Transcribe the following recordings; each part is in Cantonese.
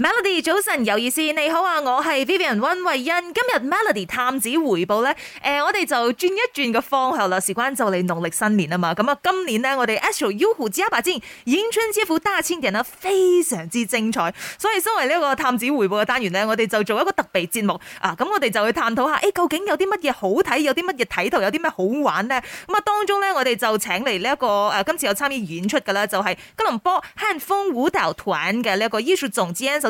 Melody 早晨有意思，你好啊！我係 Vivian 溫慧欣。今日 Melody 探子回報咧，誒、呃，我哋就轉一轉個方向啦。事關就嚟農曆新年啊嘛，咁、嗯、啊，今年咧我哋 Astro You 胡之阿伯尖演春之父大千人啦，非常之精彩。所以身為呢個探子回報嘅單元咧，我哋就做一個特別節目啊。咁、嗯、我哋就去探討下，誒、欸，究竟有啲乜嘢好睇，有啲乜嘢睇頭，有啲咩好玩咧？咁、嗯、啊、嗯，當中咧我哋就請嚟呢一個誒、啊，今次有參與演出嘅咧，就係、是、吉隆坡漢風舞蹈團嘅呢一個藝術總監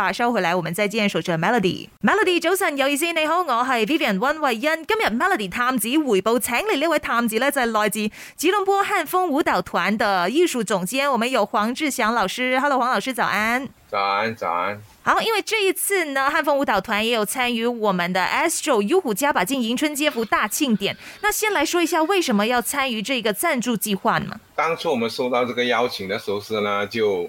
話收回來，我們再見守住 Melody。Melody 早晨有意思，你好，我係 Vivian 温慧欣。今日 Melody 探子回報，請你呢位探子呢，就係來自吉隆坡漢風舞蹈團的藝術總監。我們有黃祥志老師，Hello 黃老師，早安。早安早安。好，因為這一次呢，漢風舞蹈團也有參與我們的 Astro 優虎加把勁迎春街服大慶典。那先來說一下，為什麼要參與這個讚助計劃呢？當初我們收到這個邀請的時候，是呢就。